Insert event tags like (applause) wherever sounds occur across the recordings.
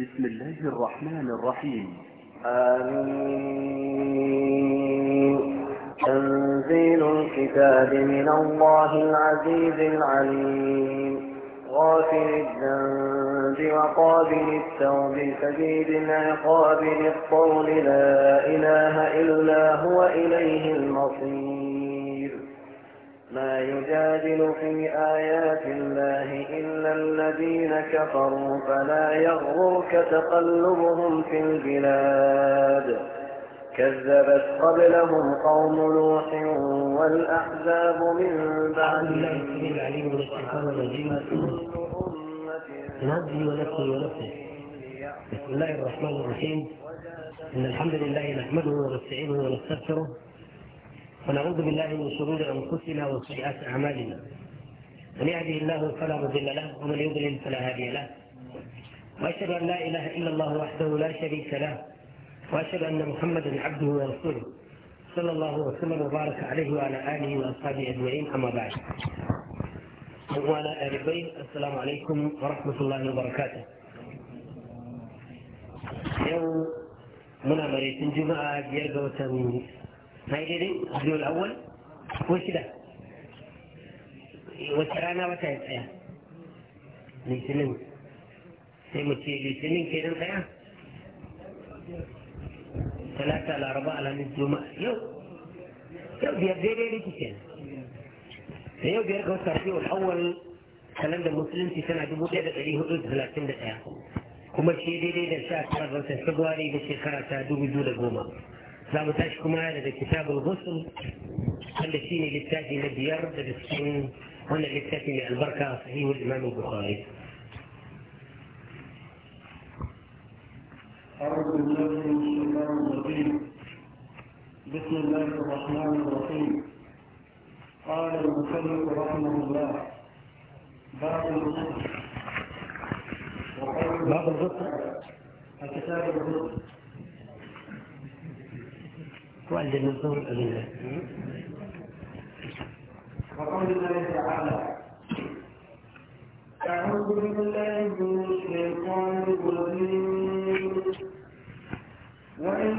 بسم الله الرحمن الرحيم آمين تنزيل الكتاب من الله العزيز العليم غافل الذنب وقابل التوب سديد العقاب للطول لا إله إلا هو إليه المصير ما يجادل في آيات الله إلا الذين كفروا فلا يغرك تقلبهم في البلاد كذبت قبلهم قوم لوح والأحزاب من بعدهم نبي ونفسي ونفسي بسم الله الرحمن الرحيم إن الحمد لله نحمده ونستعينه ونستغفره ونعوذ بالله من شرور أنفسنا وسيئات أعمالنا من يهده الله فلا مضل له ومن يضلل فلا هادي له وأشهد أن لا إله إلا الله وحده لا شريك له وأشهد أن محمدا عبده ورسوله صلى الله وسلم وبارك عليه وعلى آله وأصحابه أجمعين أما بعد أخوانا آل البيت السلام عليكم ورحمة الله وبركاته يوم منا مريت الجمعة بيرجع وتنين ما يدري الرجل الأول وشدة وترانا متى يتسيا لسنين سيمتي لسنين كيرن تيا ثلاثة على الأربعة لمن جمعة يوم يوم بيبدأ لي كيسين يوم بيرجع الترتيب الأول كلام ده مسلم في سنة جبوت يدد عليه قلت ثلاثين دقيقة كما شيء دي دي ده شاك رغم سبواري بشي خرطة دوبي دولة جمعة لابد تشكو معي لدى كتاب الغسل خلتيني لتاتي لديار لدى السن وانا لتاتي للبركة صحيح الإمام البخاري أعوذ بالله من الشيطان الرجيم بسم الله الرحمن الرحيم قال المسلم رحمه الله باب الغسل وقال باب الغسل الكتاب الغسل والجنة صور الأذنة وقول الله تعالى أعوذ بالله من الشيطان الرجيم وإن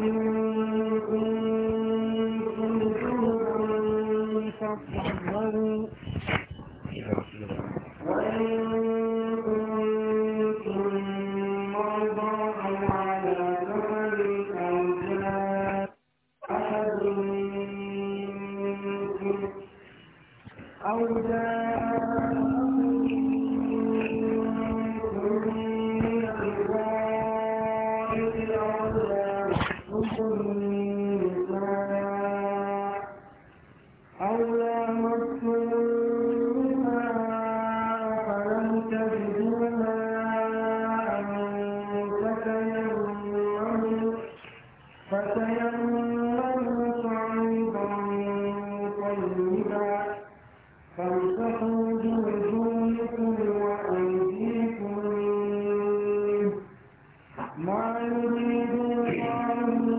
ما يريد الله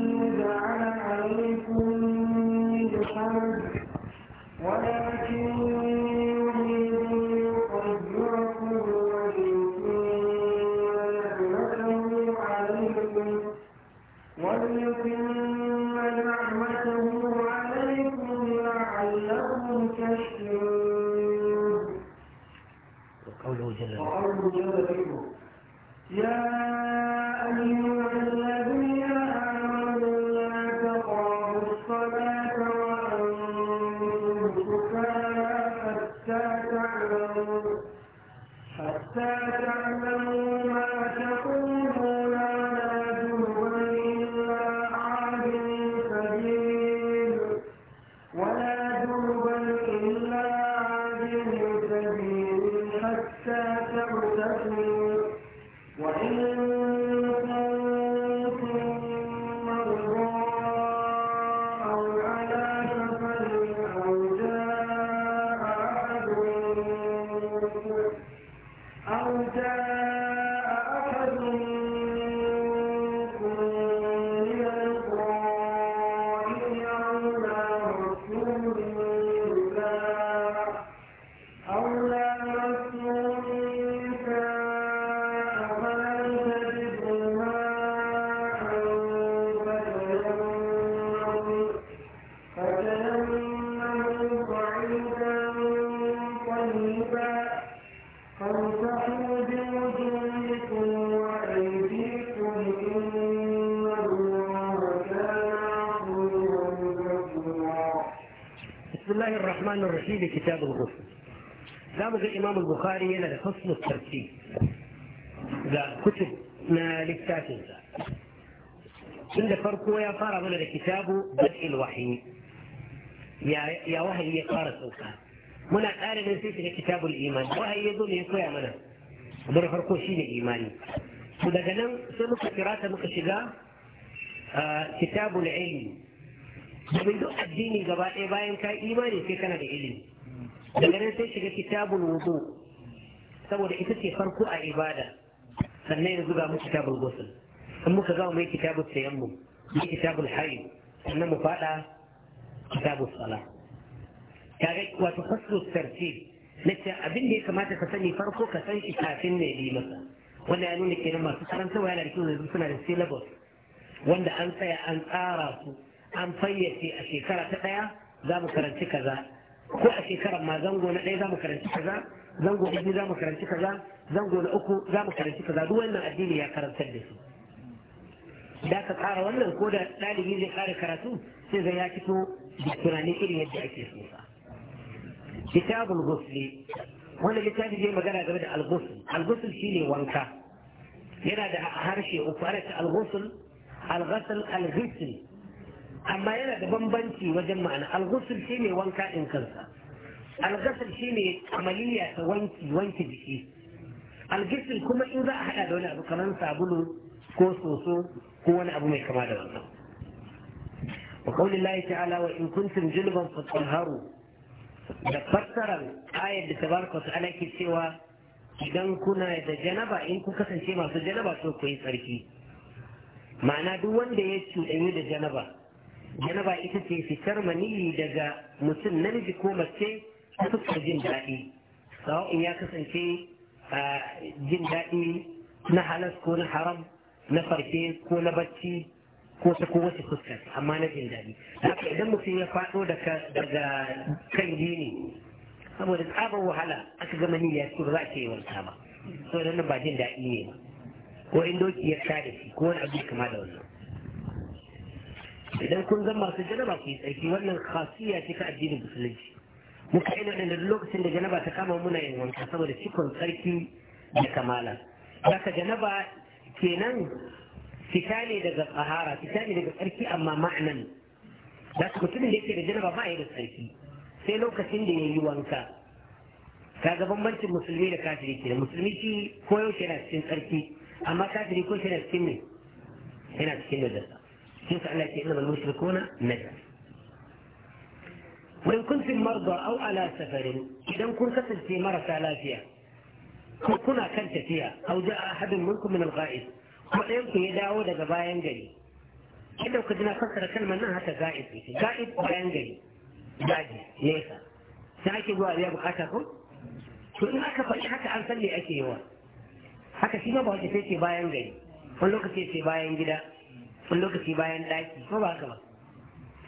يجعل عليكم من حرج ولكن يريد ليطهركم ويتم عليكم وليتم نعمته عليكم لعلكم تشكرون وقوله جل وعلا يا الرحمن الرحيم كتاب لا دام الإمام البخاري إلى لحسن الترتيب ذا كتب ما لكتاب عند فرق ويا فارا من الكتاب بدء الوحي يا يا وهي يا فارا سلطان من الآن نسيت كتاب الإيمان وهي يظن يقوى يا منا من فرق شيء الإيمان وذا جنم سمك فراسة مكشقة آه، كتاب العلم domin duk addini gaba ɗaya bayan ka imani sai kana da ilimi daga nan sai shiga kitabul wudu saboda ita ce farko a ibada sannan yanzu ga mu kitabul ghusl in muka ga mai kitabul tayammum mai kitabul hayy sannan mu fada kitabul sala kaga wato faslu tartib ta abin da ya kamata ka sani farko ka san shi kafin ne yi masa wanda ya nuna kenan masu karantarwa yana da kyau suna da syllabus wanda an tsaya an tsara su an fayyace a shekara ta ɗaya za mu karanci kaza ko a shekarar ma zango na ɗaya za mu karanci kaza zango na biyu za mu karanci kaza zango na uku za mu karanci kaza duk wannan addini ya karanta da su da ka tsara wannan ko da ɗalibi zai ƙara karatu sai zai ya fito da tunanin irin yadda ake so sa kitabul ghusli wannan littafi zai magana game da al-ghusl al-ghusl shine wanka yana da harshe uku ana ta al-ghusl al-ghusl al-ghusl amma yana da bambanci wajen ma'ana alghusl shine wanka in kansa alghusl shine amaliya ta wanki wanki jiki alghusl kuma in za a hada da wani abu kamar sabulu ko soso ko wani abu mai kama da wannan وقول الله تعالى da كنتم جنبا da فسر wa ta'ala ke cewa idan kuna da janaba in ku kasance masu janaba to ku yi tsarki ma'ana duk wanda ya cuɗanyi da janaba janaba ita ce fitar maniyi daga mutum na namiji ko mace ta fuskar jin daɗi sawa'in ya kasance jin daɗi na halas ko na haram na farke ko na bacci ko ta kowace fuska amma na jin daɗi haka idan mutum ya faɗo daga kan gini saboda tsabar wahala aka gama ni ya ba za a ce wanka ba saboda nan ba jin daɗi ne ko in doki ya shi ko wani abu kama da wannan idan kun zama masu janaba ku yi tsarki wannan khasiya ce ta addinin musulunci muka yi da lokacin da janaba ta kama muna yin wanka saboda cikon tsarki da kamala haka janaba kenan fita ne daga tsahara fita ne daga tsarki amma ma'anan da su mutumin da yake da janaba ba ya da tsarki sai lokacin da ya yi wanka ka ga bambancin musulmi da kafiri ke musulmi shi koyaushe yana cikin tsarki amma kafiri ko shi yana cikin ne yana cikin najasa تسعى لك إنما المشركون نجا وإن كنت في المرضى أو على سفر إذا كنت قتل في مرة ثلاثية وكنا أكلت فيها أو جاء أحد منكم من الغائب. وإنك إذا أود جباين جري إذا كنا قصر كلمة أنها تغائز غائز زايد، جري زايد ليسا سأكي بوا أبي أبقاتكم شو إن أكفر حتى لي أكي هو حتى سيما بوجه فيتي باين ولو كنت فيتي باين wani lokaci bayan ɗaki ko ba ba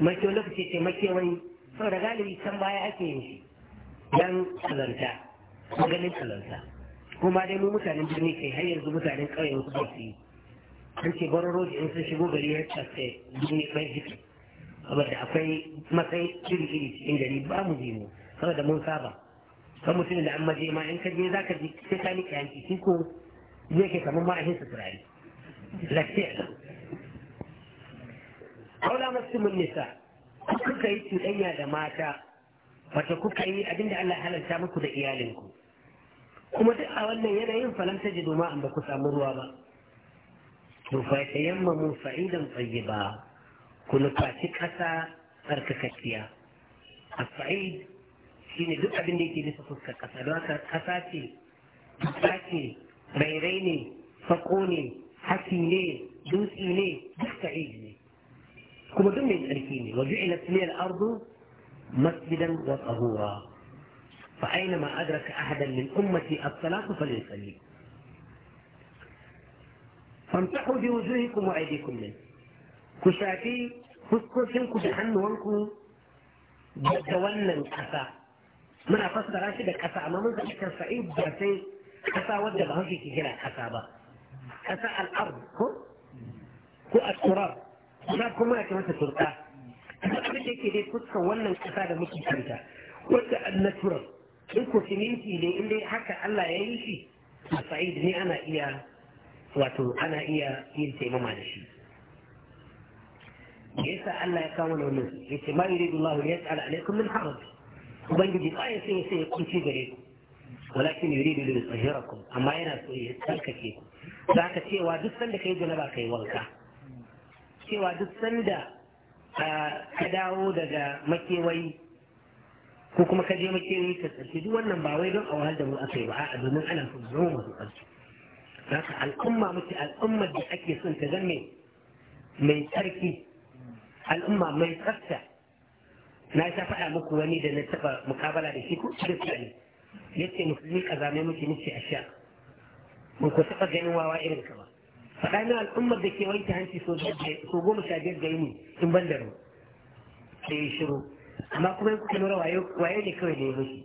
Mai kyau lokaci ce mace wani saboda galibi can baya ake yin shi dan kalanta maganin kalanta kuma dai mu mutanen birni kai har yanzu mutanen ƙauyen wasu ba su yi an ce roji in sun shigo gari ya tafe birni bai jiki saboda akwai matsayi iri iri cikin gari ba mu je mu saboda mun saba kan mutum da an maje ma in ka je za ka je sai ka ni kayanki shi ko zai ke kamar ma'ahin su turare lafiya aula mun nisa kuka yi cuɗanya da mata wata kuka yi abinda Allah halarta muku da iyalinku kuma duk a wannan yanayin falanta ji doma an ba ku samu ruwa ba to fa tayammamu fa'idan ba, ku nufaci ƙasa tsarkakakkiya a fa'id ne duk abinda da yake bisa fuskar ƙasa don haka ƙasa ce ƙasa ce rairai ne fako ne haki ne dutse ne duk fa'id ne كما دمي الأركيني وجعلت لي الأرض مسجدا وطهورا فأينما أدرك أحدا من أمتي الصلاة فليصلي فامسحوا بوجوهكم وأيديكم منه كشافي كشحن دحنوانكو دولن كفا من أفسر راشد كفا أما من ذلك الفعيد برسي كفا ودى بهجي كجلا كفا كفا الأرض كو كو التراب za kuma ake kamata turka abin da yake dai fuska wannan kasa da muke kanta wanda annatura in ko siminti ne in dai haka Allah ya yi shi a sa'id ne ana iya wato ana iya yin taimama da shi yasa Allah ya kama da wannan ce ma yuridu Allah ya tsara alaikum min haram ubangiji ba ya sai sai ya kunci gare ku walakin yuridu li yutahhirakum amma yana so ya tsarkake ku Za ka cewa duk sanda kai janaba kai wanka cewa duk sanda ka dawo daga makewayi ko kuma ka je makewayi ka tsarki duk wannan ba wai don a wahal da mu aka yi ba a'a domin ana son zama masu tsarki haka al'umma muke al'umma da ake son ta zame mai tsarki al'umma mai tsafta na ta faɗa muku wani da na taɓa mukabala da shi ko kirista ne ya ce musulmi ƙazamai muke nufi a sha ba ku taɓa ganin wawa irin ka ba faɗa al'ummar da ke wanke hanci so goma sha biyar da yini in ban da mu sai ya shiru amma kuma kuka lura waye ne kawai da ya mushi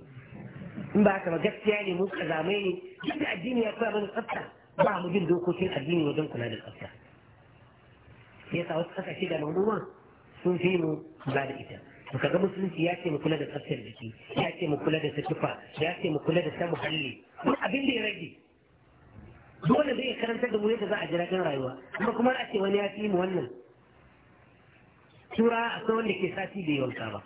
in ba haka ba gaskiya ne mu zamai ne duk da addini ya koya mana tsafta ba mu jin dokokin addini wajen kula da tsafta ya yasa wasu kasashe da manoma sun fi mu kula da ita ka ga musulunci ya ce mu kula da tsaftar jiki ya ce mu kula da tufa ya ce mu kula da ta muhalli abin da ya rage dole zai karanta da mu yadda za a ji daɗin rayuwa amma kuma a ce wani ya fi mu wannan tura akwai wanda ke sati bai wanka ba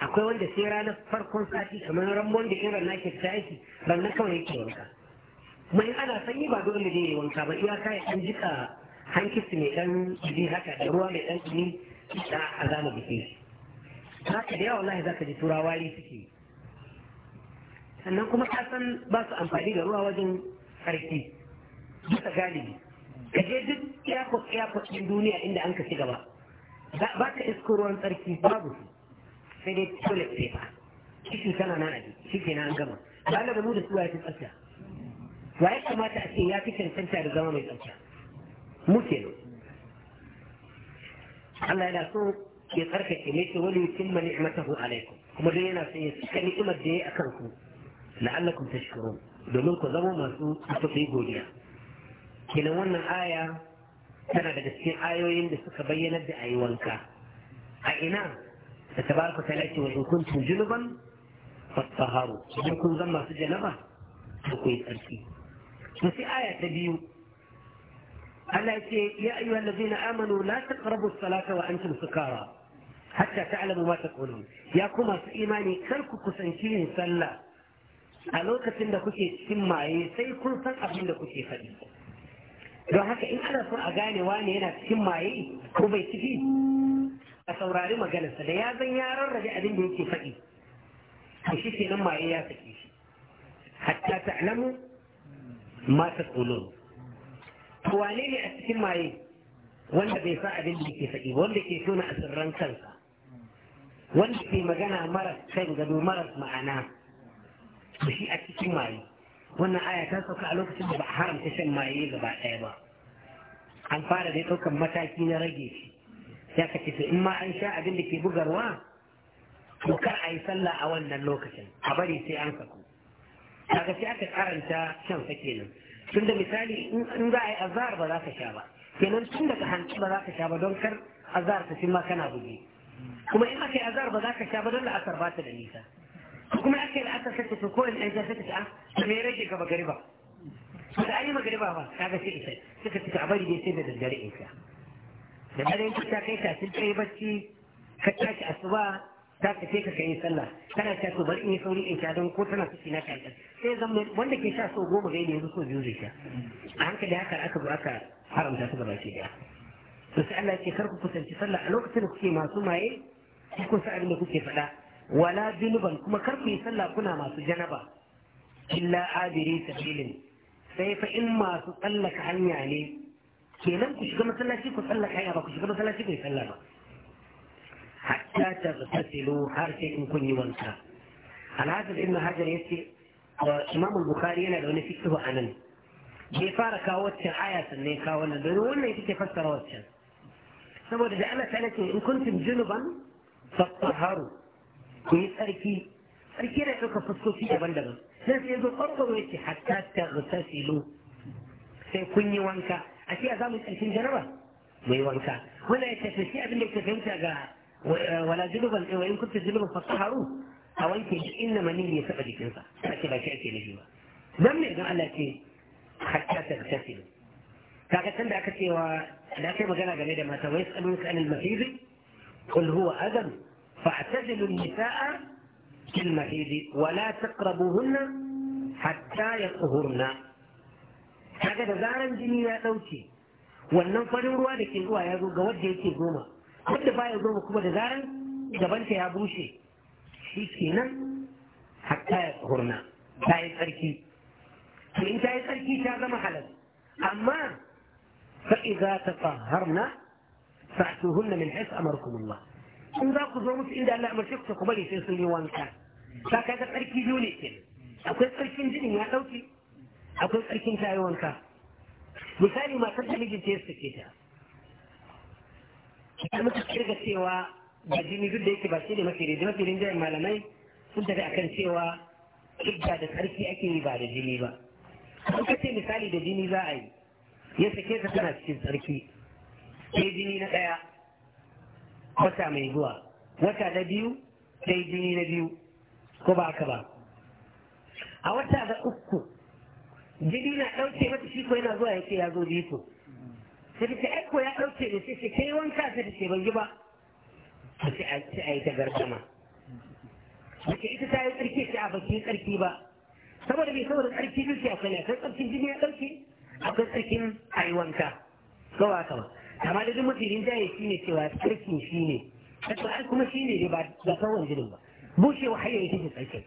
akwai wanda sai ranar farkon sati kamar rambon da irin nake ta aiki ranar kawai yake wanka kuma in ana sanyi ba dole ne ya wanka ba iyaka ya ɗan jika hankisi mai ɗan jiri haka da ruwa mai ɗan jiri da a zama biki haka da yawa wallahi ka ji turawa ne suke sannan kuma ka san ba su amfani da ruwa wajen karfi duka galibi ka je duk iyakot iyakot ɗin duniya inda an ka ci gaba ba ka isko ruwan tsarki babu su sai dai toilet paper kishin tana nan a shi ke an gama ba da mu da su ya fi tsafta wa ya kamata a ce ya fi cancanta da zama mai tsafta mu ke Allah yana so ke tsarkake ne ke wani a ni'matahu alaikum kuma dai yana son ya cika ni'imar da ya yi akan ku la'allakum tashkurun domin ku zama masu kusa yi godiya kenan wannan aya tana daga cikin ayoyin da suka bayyana da ayi wanka a ina da tabaraka ta lati wa in kuntum junuban fattaharu idan kun zama masu janaba to ku yi tsarki to sai aya ta biyu Allah ce ya ayyuhal ladina amanu la taqrabu as-salata wa antum sukara hatta ta'lamu ma taqulun ya kuma su imani kar ku kusanci yin sallah a lokacin da kuke cikin maye sai kun san abin da kuke faɗi don haka in ana son a gane wane yana cikin maye ko bai ciki a saurari maganarsa da ya zan ya rarrabe abin da yake faɗi to shi kenan maye ya sake shi hatta alamu, ma tas'ulun to wane ne a cikin maye wanda bai sa abin da yake faɗi wanda ke tona asirran kansa wanda ke magana maras, kan gado maras ma'ana to shi a cikin maye wannan aya ta sauka a lokacin da ba a haramta shan maye gaba ɗaya ba an fara dai ɗaukar mataki na rage shi ya kace to in ma an sha abin da ke bugarwa to kar a yi sallah a wannan lokacin a bari sai an sako. kaga sai aka karanta shan sa kenan tunda misali in za a yi azhar ba za ka sha ba kenan tun daga hanci ba za ka sha ba don kar azhar ta ma kana buge kuma in aka yi azhar ba za ka sha ba don la'asar ba ta da nisa kuma ake da aka sake su ko in an sake ta a me rage ga magariba da ayi magariba ba kaga sai isa suka ci a bari dai sai da daddare in sha da dare in ta kai ta sun kai bacci ka tashi asuba za ka ce ka kai sallah kana sha so bari in yi sauri in sha don ko tana suke na kai sai zan wanda ke sha so goma ga yanzu so biyu zai sha a hankali haka aka zo aka haramta su gaba ki daya to sai Allah ya ce kar ku kusanci sallah a lokacin da kuke masu maye ku kusa abin da kuke faɗa wala junuban kuma kar ku yi sallah kuna masu janaba illa abiri sabilin sai fa in masu tsallaka hanya ne kenan ku shiga masallaci ku tsallaka hanya ba ku shiga masallaci ku yi sallah ba hatta ta tasilu har sai in kun yi wanka alhazir ibn hajar yace imam bukhari yana da wani fiqh a nan bai fara kawo waccan aya sannan ya kawo wannan domin wannan ita ke fassara waccan saboda da Allah ta in kuntum junuban fattaharu ku yi tsarki tsarki da ɗauka fuskoki daban-daban sai sai zo farko ya ce hatta ta rusasilu sai kun yi wanka a ce a zamu ƙarshen jaraba mu yi wanka wannan ya tafi shi abin da ke fahimta ga wala junuban wa in kuntum junuban fasaharu a wanke shi inna mani ya saba jikinsa sai ce ba shi ake nufi ba dan ne dan Allah ce hatta ta rusasilu kaga can da aka cewa da aka yi magana game da mata wai tsanin ka anil mafizi qul huwa adam فاعتزلوا النساء في المحيض ولا تقربوهن حتى يطهرن kaga da zaran jini ya ɗauke wannan farin ruwa da ke zuwa ya zo ga wadda yake goma wadda baya goma kuma da zaran gabanta ya bushe shi kenan hatta ya hurna ta yi tsarki to in ta yi tsarki ta zama halal amma fa idza tatahharna fa'tuhunna min haythu amarakum Allah sun za ku zo musu inda Allah amurce ku bari sai sun yi wanka ta kaga tsarki biyu ne ke akwai tsarkin jinin ya dauke akwai tsarkin ta yi wanka misali matar da mijinta ya suke ta ta muka kirga cewa ba jini duk da yake ba shi ne mafi rinjaye mafi rinjaye malamai sun tafi akan cewa idda da tsarki ake yi ba da jini ba an kace misali da jini za a yi ya sake ta tana cikin tsarki sai jini na ɗaya wata mai zuwa wata na biyu sai jini na biyu ko ba haka ba a wata da uku jini na ɗauke mata shi ko yana zuwa ya ce ya zo biyu sai ta ai ko ya ɗauke ne sai yi wanka sai ta ce ban yi ba a ce a yi ta gargama Mace ita ta yi tsarki ta a baki tsarki ba saboda bai saboda tsarki duk ya a kan tsarkin jini ya ɗauke akwai tsarkin a yi wanka ko ba ka ba. amma da mafi rinjaye shi ne cewa tsarkin shi ne kato ai kuma shi ne ba da sauran jinin ba bushewa har yanzu shi tsarkin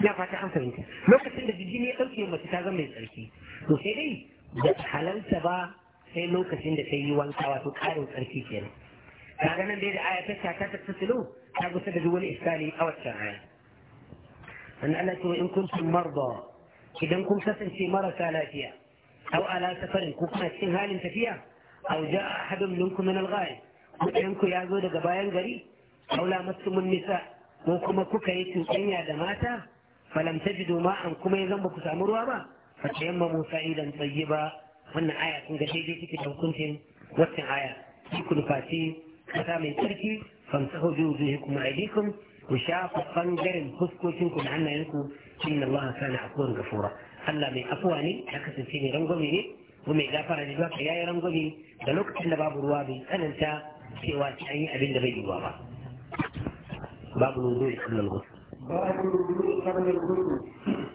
na fata an fahimta lokacin da jini ya ɗauke mace ta zama mai tsarki to sai dai da halarta ba sai lokacin da ta yi wanka wato ƙarin tsarki kenan kaga nan dai da aya ta ta ta tsilo ta gusa da wani iskali a waccan aya an Allah ce in kuntum marda idan kun kasance marasa lafiya aw ala safarin ko kuma cikin halin tafiya أو جاء أحد منكم من الغاية وأنكم يا زودة غبايان غري أو لا مستم النساء وكما كوكايتو كينيا دماتا فلم تجدوا ما كما يزن بكس أمروا ما فتيمموا سعيدا طيبا من آية كنتي كنتم وكن آية يكون فاسي فتامي تركي فامسحوا بوجوهكم وأيديكم وشاف الصنجر الخسكو تنكم عنا ينكو إن الله كان عفوا غفورا ألا من أفواني حكس فيني رمضاني kuma idan fara da duka yayi rangwame da lokacin da babu ruwa bai tsananta cewa sai an yi abin da bai yi ruwa ba babu ruwa da kullum gudu babu ruwa da kullum gudu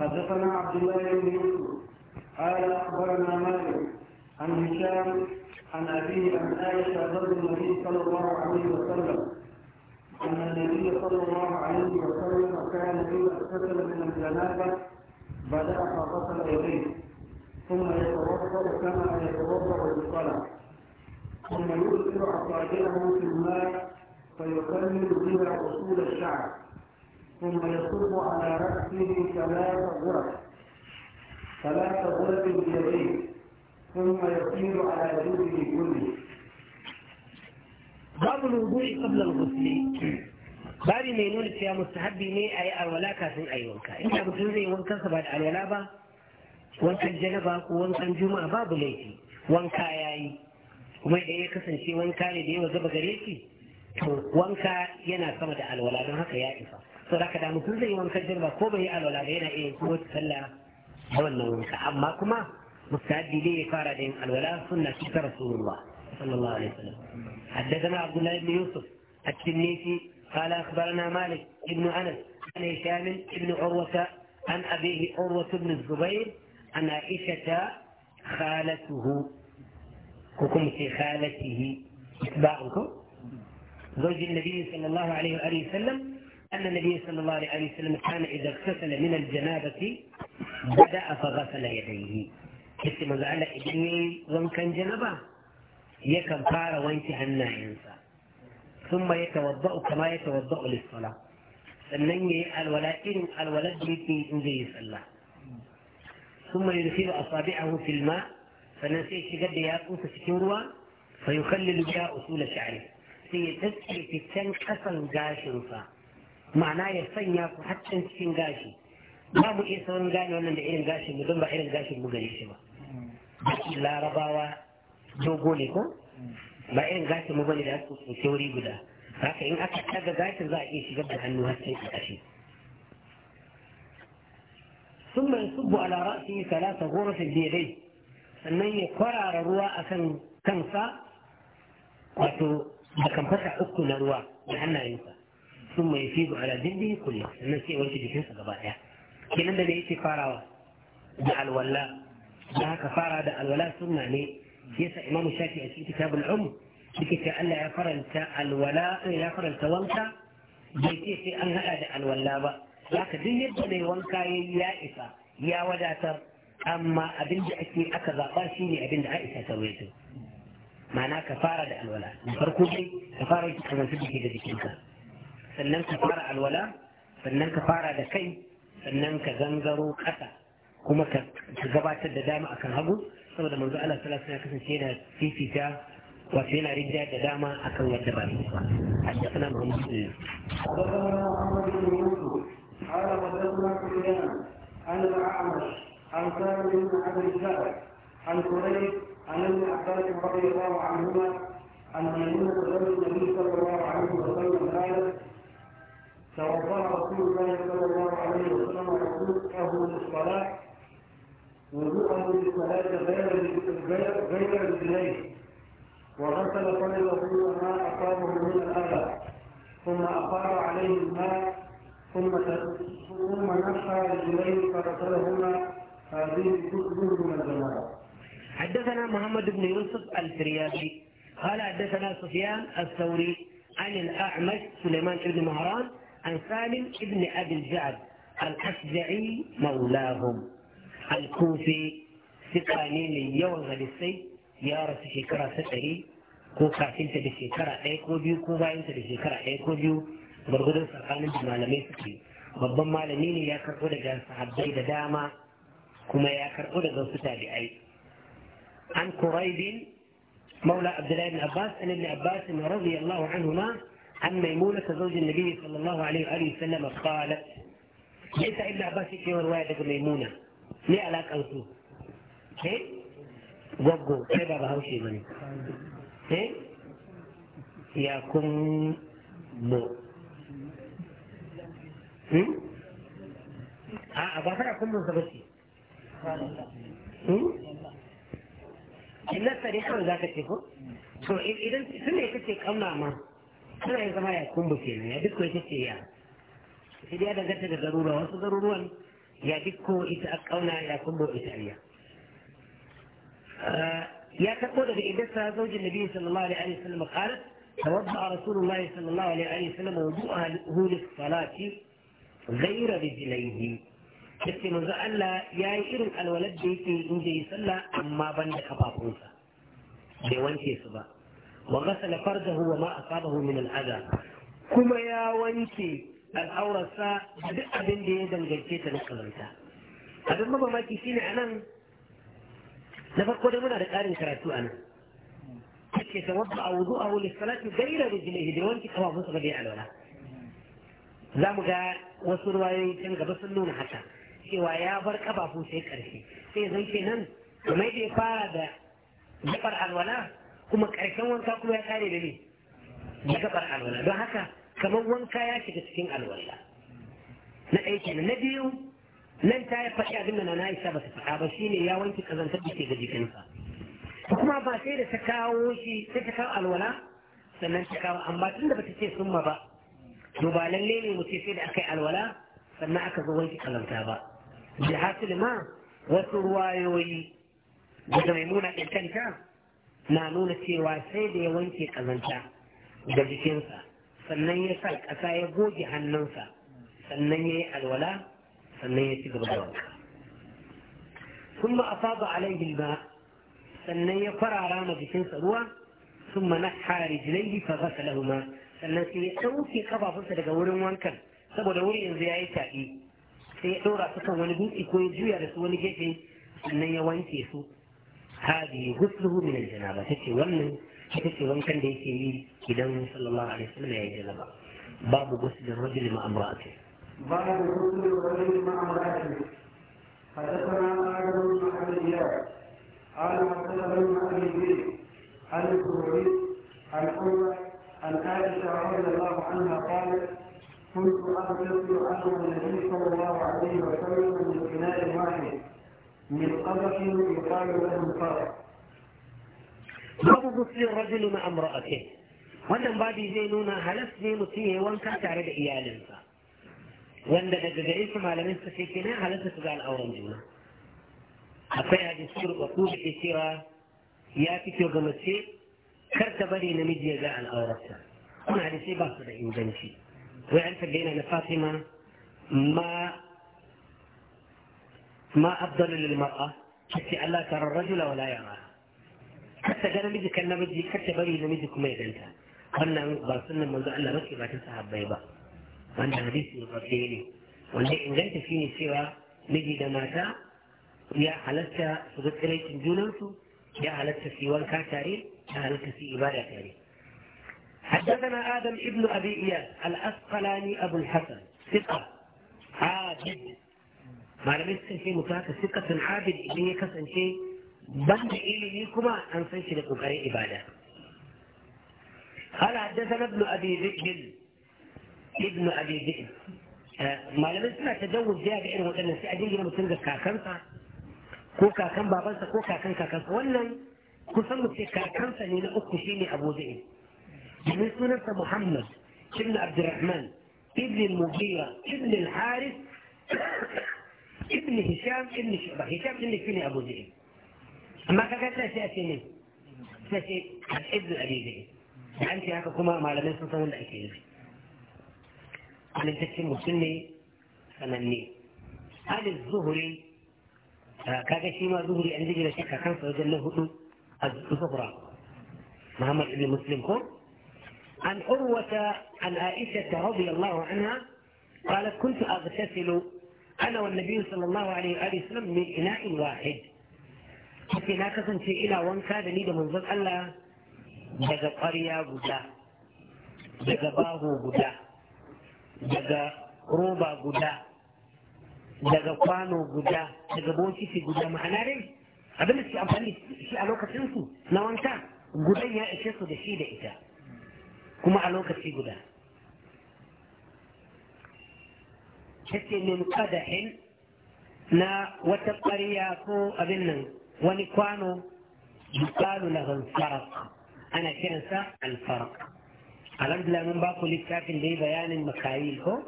حدثنا عبد الله بن يوسف قال اخبرنا مالك عن هشام عن ابيه عن عائشه زوج النبي صلى الله عليه وسلم أن النبي صلى الله عليه وسلم كان إذا اغتسل من الجنابة بدأ فغسل يديه ثم يتوضا كما يتوضا للصلاه ثم يؤثر اصابعه في الماء فيكمل بها اصول الشعر ثم يصب على راسه ثلاث غرف ثلاث غرف بيديه ثم يطير على جوده كله باب الوضوء قبل الغسل باري مينون فيها مستحبي mustahabbi اي a yi alwala kafin a yi wanka inda mutum wankan janaba ko wankan juma'a babu laifi wanka yayi kuma idan ya kasance wanka ne da yawa gaba gare shi to wanka yana sama da alwala don haka ya isa so da da mutum zai yi wankan janaba ko bai yi alwala ba yana iya yin kowace sallah a wannan wanka amma kuma musta'addi ne ya fara da yin alwala sunna shi ta rasulullah sallallahu alaihi wasallam حدثنا عبد الله بن يوسف التنيسي قال اخبرنا مالك بن انس عن هشام بن عروه عن ابيه عروه بن الزبير أن عائشة خالته حكم في خالته اتباعكم زوج النبي صلى الله عليه وآله وسلم أن النبي صلى الله عليه وسلم كان إذا اغتسل من الجنابة بدأ فغسل يديه مثل ما قال إبني وانكا جنبا يكن فار وانت ينسى ثم يتوضأ كما يتوضأ للصلاة sannan ya yi alwala irin في da الله in zai ثم يدخل أصابعه في الماء فنسيت قد يأكوس سكروا فيخلل بها أصول شعره في تسكي في كان أصل قاشر فا معناه يسنيا حتى سكين قاشي babu iya sauran gane wannan da irin gashin mu don ba irin larabawa dogo da su guda haka in aka daga gashin za a iya shigar da hannu har sai ثم يصب على رأسه ثلاث غرف بيغي أنني قرى روا أكن كنسا وتو أكن فتح أكل روا لأن ينسى ثم يفيض على ذنبه كله أن الشيء وجد في قبائع كي لن دبي إيتي قرى دعا الولا دعا كفارا دعا الولا ثم يعني يسا إمام الشافعي في كتاب العم بكتا أن لا يقرا الولاء لا يفرنت وانت بكتا أن هذا الولاء بقى. za ka duk yadda mai wanka ya yi ya isa ya wadatar amma abin da ake aka zaɓa shi ne abin da aisha ta rawaito ma'ana ka fara da alwala da farko dai ka fara ki karanta da da jikinka sannan ka fara alwala sannan ka fara da kai sannan ka gangaro ƙasa kuma ka gabatar da dama akan hagu saboda manzo Allah sallallahu alaihi kasance yana fifita wato yana rijja da dama akan wadda ba ne ba hadda kana Muhammadu قال حدثنا سفيان عن الاعمش عن سالم بن عبد الجعد عن كريب عن ابن عباس رضي الله عنهما عن ميمونة زوج النبي صلى الله عليه وسلم قال توضا رسول الله صلى الله عليه وسلم وضوءه للصلاه وضوءه للصلاه غير غير غير رجليه وغسل فرجه ما اصابه من الاذى ثم افاض عليه الماء ثم ثم نفى الجبير فرسلهما هذه كتب من الجماعه حدثنا محمد بن يوسف الفريابي قال حدثنا سفيان الثوري عن الاعمش سليمان بن مهران عن سالم بن ابي الجعد الاشجعي مولاهم الكوفي ثقانيني يوم السي يا رسي شكرا ستري كوكا kafinta بشكرا ايكو بيو ko biyu بشكرا ايكو بيو gurgurdun tsakanin malamai suke babban malami ne ya karɓo daga sahabbai da dama kuma ya karɓo daga wasu tabi'ai مولى عبد الله بن عباس عن ابن عباس رضي الله عنهما عن ميمونة زوج النبي صلى الله عليه وآله وسلم قالت ليس ابن عباس في رواية ميمونة لي على كنسو هي وقو هي بابا شيء مني هي يا كم بو Hmm? a ba fara kullum sa bace hmm? illar sare kawai za ka ce ko to idan tun da ita ce kamna ma tana yin zama ya kumbu kenan ya duk ita ce ya sai ya danganta da garuruwa wasu garuruwan ya dukko ita a kauna ya kumbu ita ya ya tabo daga idan sa zaujin nabi sallallahu alaihi wasallam qalat توضأ رسول الله صلى الله عليه وسلم وضوءه للصلاة غير رجليه كتن زعل يا إير الولد بيتي إن جي سلا أما بند خبابونسا بيوان كي وغسل فرجه وما أصابه من الأذى كما يا وانتي الأورا سا بدأ بين يدا جيتا نقلنتا هذا بابا ما كيسين عنان نفر من منا رقارن كراتو أنا كتن توضع وضوءه للصلاة غير رجليه بيوان كي غير بيعلونا za mu ga wasu ruwayoyi can gaba sun nuna haka cewa ya bar kafafu sai karshe sai zan nan kamar da ya fara da gabar alwala kuma ƙarshen wanka kuma ya kare da ne da gabar alwala don haka kamar wanka ya shiga cikin alwala na ɗaya kenan na biyu nan ta yi faɗi abin da na isa ba ta faɗa ba shi ne ya wanke kazantar da ke ga jikinsa kuma ba sai da ta kawo shi sai ta kawo alwala sannan ta kawo amma tun da ba ta ce ma ba مبالغين متفيد أكي على الولاء سمعك زوجي على الكعبة جهات لما وسروايوي بزميمونة إنتنكا نانون السيروان سيدي وانتي قزنتا جبجي تنسا سنية سلك أسايا بوجي هننسا سنية الولاء سنية تقبضوك ثم أفاض عليه الماء سنية فرع رانا ثم نحى رجليه فغسلهما sannan sai ya ɗauke kafafunsa daga wurin wankan saboda wuri yanzu ya yi taɓi sai ya ɗora su kan wani dutse ko ya juya da su wani gefe sannan ya wanke su hadi husluhu min aljanaba tace wannan ita ce wankan da yake yi idan sallallahu alaihi wasallam ya yi janaba babu ghusl ar-rajul ma imra'ati babu ghusl ar-rajul ma imra'ati حدثنا آدم بن عبد الله قال حدثنا ابن أبي زيد عن الزهري عن عمر عن عائشة رضي الله عنها قالت كنت أحدث عنه النبي صلى الله عليه وسلم من إناء واحد من قدح يقال له فرق لقد في الرجل مع امرأته وانا بابي زينونا هلس لي مسيه وان كان تعرض ايال انسا وانا تجدريس ما لم يستسيكنا هلس تقال اورم جونا حتى هذه السورة وقود اتيرا ياتي في غمسي كرتبلي نمديا جاء الأورسة أنا على سبعة وسبعين بنتي وعن فجينا لفاطمة ما ما أفضل للمرأة حتى ألا ترى الرجل ولا يراها حتى قال لي ذيك أنا بدي كرتبلي نمديا كما يدلتا قلنا باصلنا منذ ألا بكي ما تنسى حبيبا وأنا حديث مفضيني والذي إن جلت فيني سوى نجي دماتا يا حلسة صدق إليك جنونتو يا حلسة سوى الكاتاري كان لك في إبادة يعني حدثنا آدم ابن أبي إياس الأسقلاني أبو الحسن ثقة عابد ما لم يسكن شيء مكاكة ثقة عابد إذن يكسن شيء بند إلي لكما أن سنشي لكم أي إبادة قال حدثنا ابن أبي ذئب ابن أبي ذئب ما لم يسمع تجوز جاء بإنه أن نسي لما تنزل كاكنسا ko kakan babansa ko kakan kakansa wannan kusan mu ce kakansa ne na uku shine abu zai domin sunansa muhammad ibn abdurrahman ibn al-mughira ibn al-haris ibn hisham ibn shuba hisham ibn shine abu zai amma kaga ta sai ce ne sai ce ibn abi zai da an ce haka kuma malamai sun san wanda ake yi halittacin mutum ne sananne alif zuhuri kaga shi ma zuhuri an jigila shi kakansa wajen na hudu الصغرى محمد بن مسلم هو عن عروة عن عائشة رضي الله عنها قالت كنت أغتسل أنا والنبي صلى الله عليه وآله وسلم من إناء واحد حتى لا تكن شيء إلى وانكا دليل من ذلك ألا جاء قرية بدا جاء باه بدا جاء روبا بدا جاء قانو بدا جاء بوشي في بدا معنى رمش abin da suke amfani shi a lokacinsu na wanka gudan ya ishe su da shi da ita kuma a lokaci guda kake min kadahin na wata ƙwariya ko abin nan wani kwano yuqalu lahu al-farq ana kiransa al-farq alhamdulillah mun ba ku littafin da bayanin makayil ko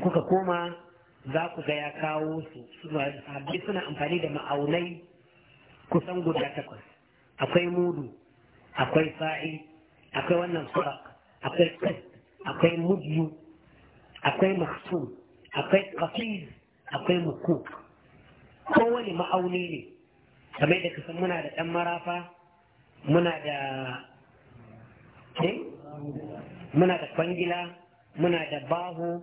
kuka koma za ku ga ya kawo su sahabbai suna amfani da ma'aunai kusan guda takwas akwai mudu akwai sa'i akwai wannan surak akwai kast akwai mudu akwai maksu akwai qafiz akwai Ko kowane ma'auni ne kamar da kusan muna da ɗan marafa muna da eh? muna da kwangila muna da baho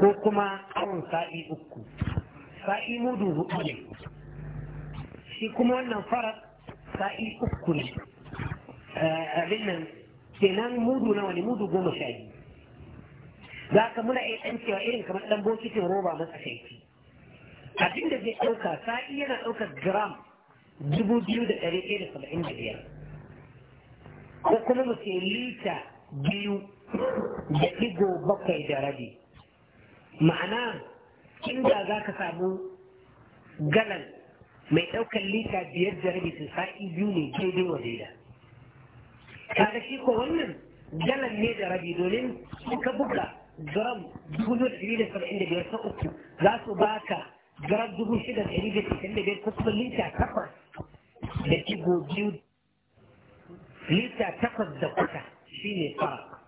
ko kuma awon sa'i uku sa'i mudu hudu ne shi kuma wannan farar sa'i uku ne eh, abin nan kenan mudu nawa ne mudu goma sha biyu za ka muna iya ɗan cewa irin kamar ɗan bokitin roba matsakaici abin da zai ɗauka sa'i yana ɗaukar gram dubu biyu da ɗari ɗaya da saba'in da biyar ko kuma mu ce lita biyu da ɗigo bakwai da rabi ma'ana inda za ka samu galan mai ɗaukar lita biyar da rabi su sa'i biyu ne daidai wa daida kaga shi ko wannan galan ne da rabi domin in ka buga gram dubu da ɗari da saba'in da biyar ta uku za su baka gram dubu shida da ɗari da saba'in da biyar kusan lita takwas da ɗigo biyu lita takwas da kwata shine farak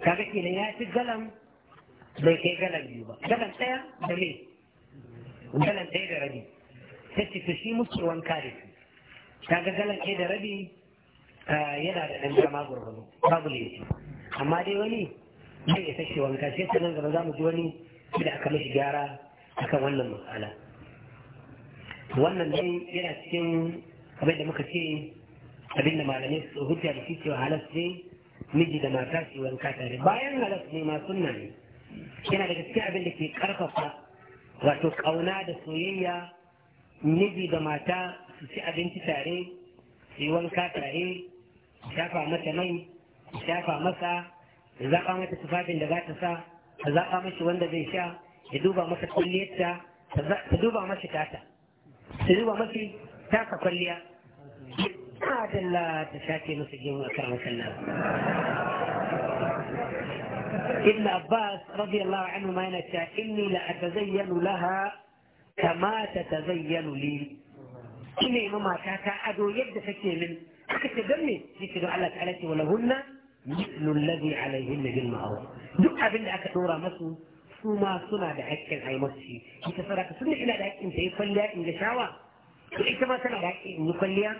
kaga kenan ya fi galan bai kai galan biyu ba galan ɗaya da me galan ɗaya da rabi ta ce to shi muke wanka da shi ta ga galan ɗaya da rabi yana da ɗan dama gurgurgu babu laifi amma dai wani zai ya shi wanka sai ta nan gaba za mu ji wani da aka mashi gyara akan wannan matsala wannan dai yana cikin abin da muka ce abin da malamai su hujja da shi cewa halas ne miji da mata su wanka tare bayan halas ne ma sunna ne yana daga cikin abin da ke karfafa wato kauna da soyayya miji da mata su ci abinci tare su yi wanka tare shafa mata mai shafa masa zaba mata tufafin da za ta sa ta zaba mashi wanda zai sha ya duba masa kwalliyarta ta duba mashi tata ta duba mashi taka kwalliya adalla ta shafe masa gemu a karamar sallah ابن عباس رضي الله عنه ما ينسى إني لأتزين لها كما تتزين لي إني ماما كاكا أدو يبدو فكي من أكتب دمي يكتب على تعالك ولهن مثل الذي عليهن بالمعروف دقا بند أكتورا مسو سوما سنا بحكا أي مسي يتفرق سنة إلا لك إنت يفلي إن شاوة إنت ما سنا لك إن يفلي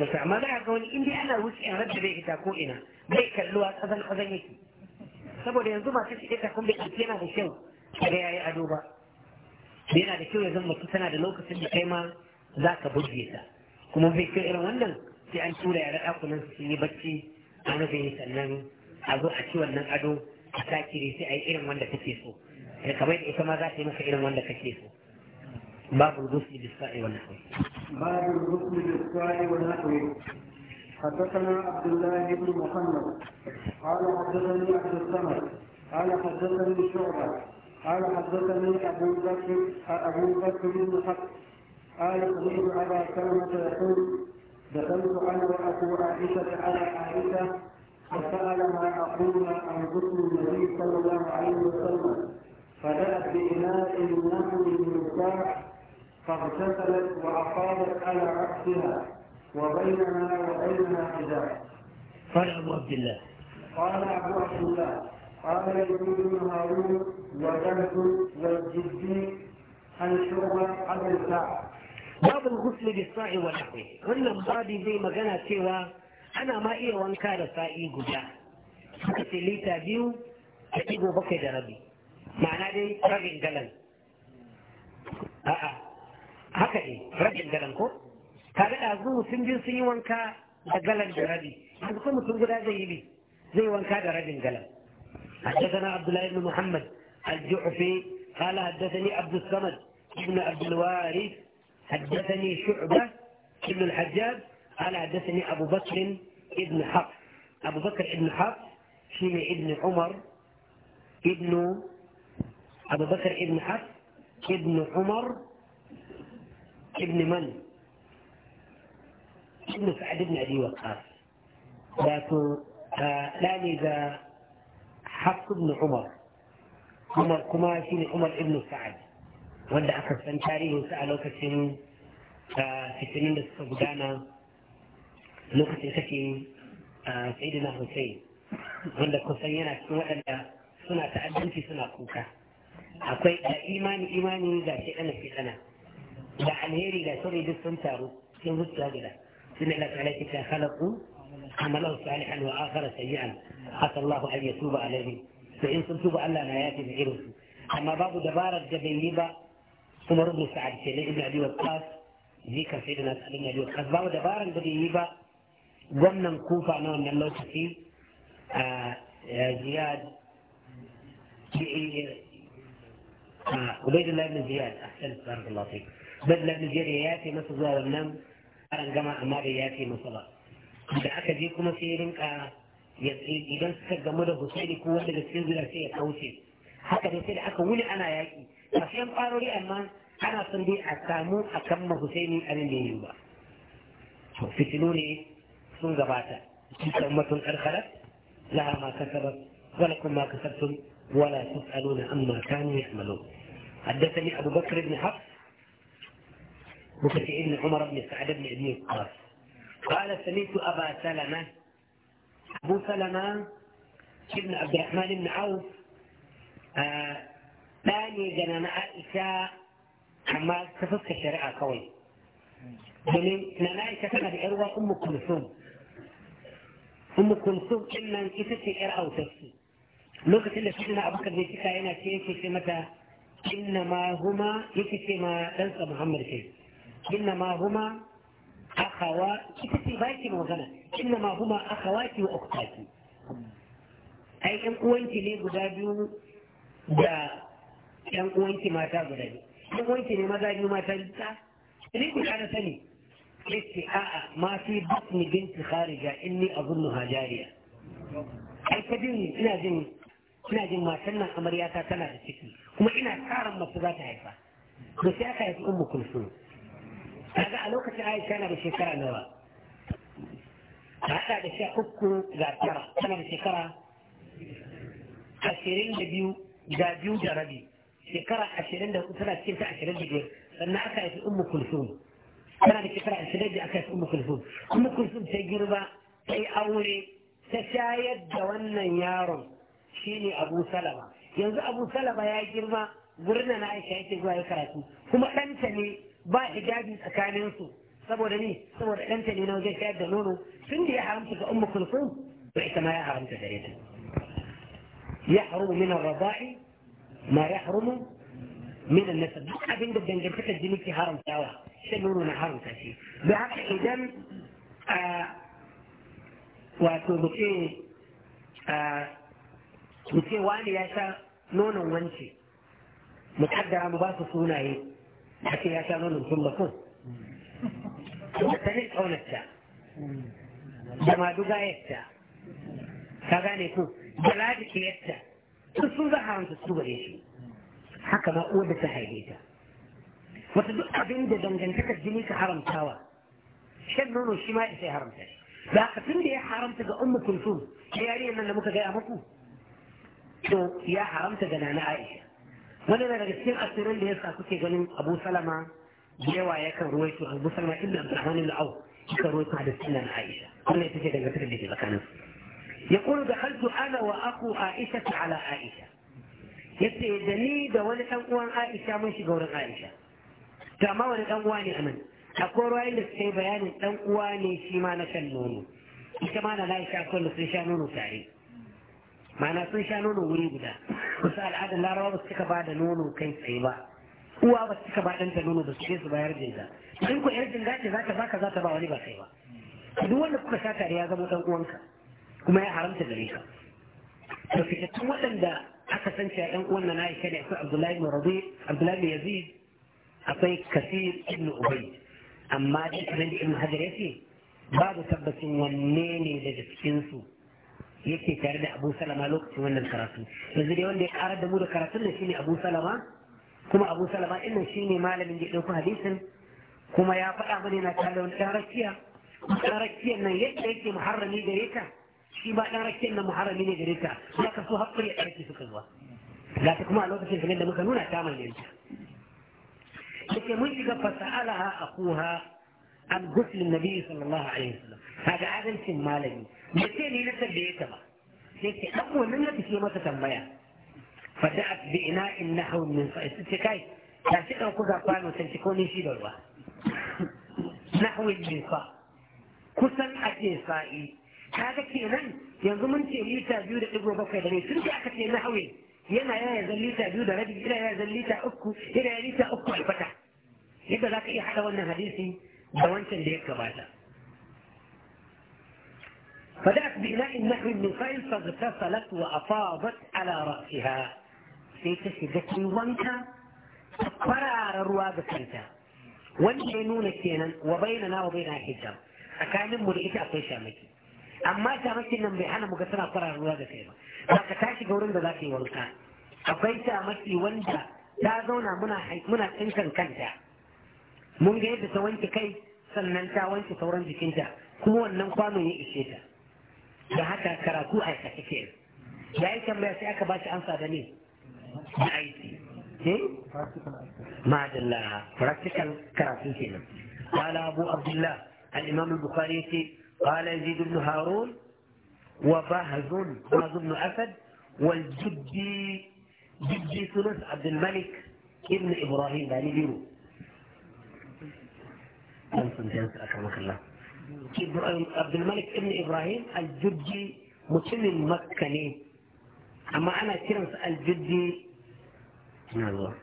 بس ما أقول إني أنا وش وسئ ربي بيكتاكوئنا بيك اللوات أذن أذنكي saboda yanzu masu shi ta kun bai yana da kyau a ga yayi ado ba yana da kyau ya zama mutum tana da lokacin da kai ma za ka burge ta kuma bai kyau irin wannan sai an tura yara ɗakunan su yi bacci a rufe sannan a zo a ci wannan ado a da sai a yi irin wanda kake so da eh, kamar ita ma za ta yi maka irin wanda kake so babu rusul bisa'i wal nahwi babu rusul bisa'i wal nahwi حدثنا عبد الله بن محمد قال حدثني عبد الصمد قال حدثني شعبة قال حدثني أبو بكر أبو بكر بن حق قال سمعت أبا سلمة يقول دخلت أنا وأبو عائشة على عائشة فسأل ما أقول عن غسل النبي صلى الله عليه وسلم فجاءت بإناء له من مفتاح فاغتسلت وأفاضت على رأسها وبيننا وبينها حجاب قال أبو عبد الله قال أبو عبد الله قال يقول بن هارون وجهد والجدي عن شعبة عن الكعب باب الغسل بالصاع ونحوه wannan babi zai magana cewa ana ma iya wanka da sa'i guda suka ce lita biyu a ɗigo bakwai da rabi ma'ana dai rabin galan a'a haka ne rabin galan ko kaga da zuwa sun biyu sun yi wanka da galan da rabi yanzu kuma mutum guda zai yi ne zai wanka da rabin galan حدثنا عبد الله بن محمد الجعفي قال حدثني عبد الصمد بن عبد الوارث حدثني شعبة بن الحجاج قال حدثني أبو بكر بن حق أبو بكر بن حق شيني ابن عمر ابن أبو بكر بن حق ابن عمر ابن من شنو فعدنا دي وقار لكن آه، لاني ذا حفص بن عمر عمر كما لعمر بن ابن سعد ودع حسن تاريه سألوك سن آه، في سنين السبدانة نقطة ختم آه، سيدنا حسين عند كسينا سنوة لا سنة تعدم في سنة كوكا أقول ايماني إيمان إذا شئنا في سنة لا عن هيري لا سوري دستم تارو سنوة تلاقي لك سمع سنلت عليك خلقوا عملا صالحا واخر سيئا عسى الله ان يتوب عليه فان تتوب ان لا ياتي بعيرك اما باب دبار الجبين يبا عمر بن سعد سيدنا ابن ابي وقاص ذيك سيدنا سالم ابي وقاص باب دبار الجبين يبا ومن كوفه انا من الله آه، تفي آه، زياد آه عبيد الله بن زياد احسنت بارك الله فيك عبيد الله بن زياد ياتي مثل زياد aran gama amma bai yafe masa ba da aka je kuma sai rinka idan suka gamu da husaini ko wanda da cikin zira sai ya kauce haka dai sai da aka wuni ana yaƙi ƙarshen ƙwarori amma ana son dai a samu a kan husaini abin da yi ba to fitilu ne sun gabata cikin mutum karkara laha ma kasabat wala kuma kasabtum wala tus'aluna amma kanu ya'malun حدثني أبو بكر بن حفص ابن عمر بن سعد بن ابي وقاص قال سميت ابا سلمه ابو سلمه ابن عبد الرحمن بن عوف آه، ثاني جنى مع عائشه عما تفك الشريعه قوي ومن يعني لنا كتب العروة أم كلثوم أم كلثوم إما كتبت إرعى وتفسي لغة اللي شكنا أبو كبير كتا هنا كيف متى إنما هما كتبت ما لنسى محمد كيف إنما هما أخوات كتبتي بايتي موغنة إنما هما أخواتي وأختاتي أي أن قوانتي لي قدابيون دا أن قوانتي ما تابدني أن قوانتي لي ماذا ما تابدني ليه كنت أنا سني قلت آه ما في بطن بنت خارجة إني أظنها جارية أي كديني إنا جن إنا جن ما سنة أمرياتها سنة بسكي وما إنا كارم مصداتها هيفا بس يا أخي أم كلثوم kaga a lokacin aisha na da shekara nawa hada da sha uku ga tara tana da shekara ashirin da biyu da biyu da rabi shekara ashirin da tana cikin ta ashirin da biyar sannan aka haifi ummu kulsum tana da shekara ashirin da aka haifi ummu kulsum ummu kulsum ta girma ta yi aure ta shayar da wannan yaron shine abu salama yanzu abu salama ya girma gurin na aisha yake zuwa ya karatu kuma ɗanta ne ba hijabi tsakanin su saboda ni saboda ɗanta ne na wajen shayar da nono tun da ya haramta ga ummu kulsum to ita ma ya haramta gare ta ya haramu min ar-rada'i ma ya haramu min an-nasab duk abin da dangantaka jini ke haramtawa shan nono na haramta shi da haka idan a wato mutum a mutum wani ya sha nonon wance mu kaddara mu ba su sunaye حكي يا شانون ثم كن تنين قونتا جما دوغا يتا كاغاني كن جلادك يتا تسوز حان تسوغ ليشي haka ma uwar da ta haife ta wata duk abin da dangantakar jini ka haramtawa shan nono shi ma sai haramta shi da haka tun da ya haramta ga ummu kulsum ta yariyar nan da muka gaya muku to ya haramta ga nana aisha wani daga cikin asirin da yasa kuke ganin abu salama da yawa kan ruwaito abu salama inda abdurrahman ibn auf kika ruwaito da sunan aisha wannan ita daga fitar da ke tsakanin يقول دخلت انا واخو عائشه ala aisha yace da ni da wani dan uwan Aisha mun shiga wurin Aisha to amma wani dan uwa ne anan akwai ruwayin da suka bayanin dan uwa ne shi ma na kan nono ita ma na Aisha kullu da sun sha nono tare ma'ana sun sha nono wuri guda wasu al'adar larawa ba su cika ba da nono kai tsaye ba uwa ba su cika ba ɗanta nono ba su ce su bayar jinga in ku yar jinga ce za ta baka za ta ba wani ba kai ba duk wanda kuka sha tare ya zama ɗan uwanka kuma ya haramta gare ka to fitattun waɗanda aka san cewa ɗan uwan na Aisha ne akwai Abdullahi bin Rabi Abdullahi bin Yazid akwai Kasir ibn Ubay amma dai kamar da Ibn Hajar yake babu tabbacin wanne ne daga cikinsu su yake tare da abu salama lokacin wannan karatu yanzu dai wanda ya karar da mu da karatun nan shine abu salama kuma abu salama ɗin shine malamin da ya ɗauko hadisin kuma ya faɗa mana yana tare da wani ɗan rakiya ɗan rakiyan nan yadda yake muharrami gare ta shi ba ɗan rakiyan nan muharrami ne gare ta ya kaso haƙuri a ɗaki suka zuwa ga ta kuma a lokacin kamar da muka nuna ta mallanta yake mun shiga a akuha أن قتل النبي صلى الله عليه وسلم هذا عدل في مالي يتين (laughs) نعم. إلى سبيته يتين أقوى منه في سيما تتميا فدعت بإناء نحو من فأسكاي لكن أقول أقوال وتنتكوني في دولة نحو من فأ كسن أتنسائي هذا كينا ينظم أن تهي تابيو دقب ربك يدري سنك أكتن نحو ينا يا يزلي تابيو دردي إلا يا يزلي تأكو إلا يزلي تأكو الفتح إذا ذاك إيه حدوان da ديك كباتا ya gabata فدعت بإناء النحو من فائل فاغتسلت وأفاضت على رأسها سيكا سيكا سيتشدت وانكا على الرواب سيكا ونحنون كينا وبيننا وبينها حجاب أكاين مرئيك أقوي شامكي أما شامكي نم بحنا مقصنا فرار الرواب كينا لك تاشي قورن بذاتي والكا أقوي شامكي وانجا تازونا منا حيث منا تنكن كنتا mun ga yadda ta wanke kai sannan ta wanke sauran jikinta kuma wannan kwano ya ishe ta da haka karatu a aikace take ya yi tambaya sai aka ba shi amsa da ne na aiki madalla practical karatu ke nan abu abdullah al-imam al-bukhari الله الإمام yazid ibn harun wa bahzun وبهز ibn asad wal والجدي جدي ثلث عبد الملك ابن إبراهيم يعني بيرو عبد الملك ابن ابراهيم الجدي متم المكني اما انا كيرنس الجدي من الله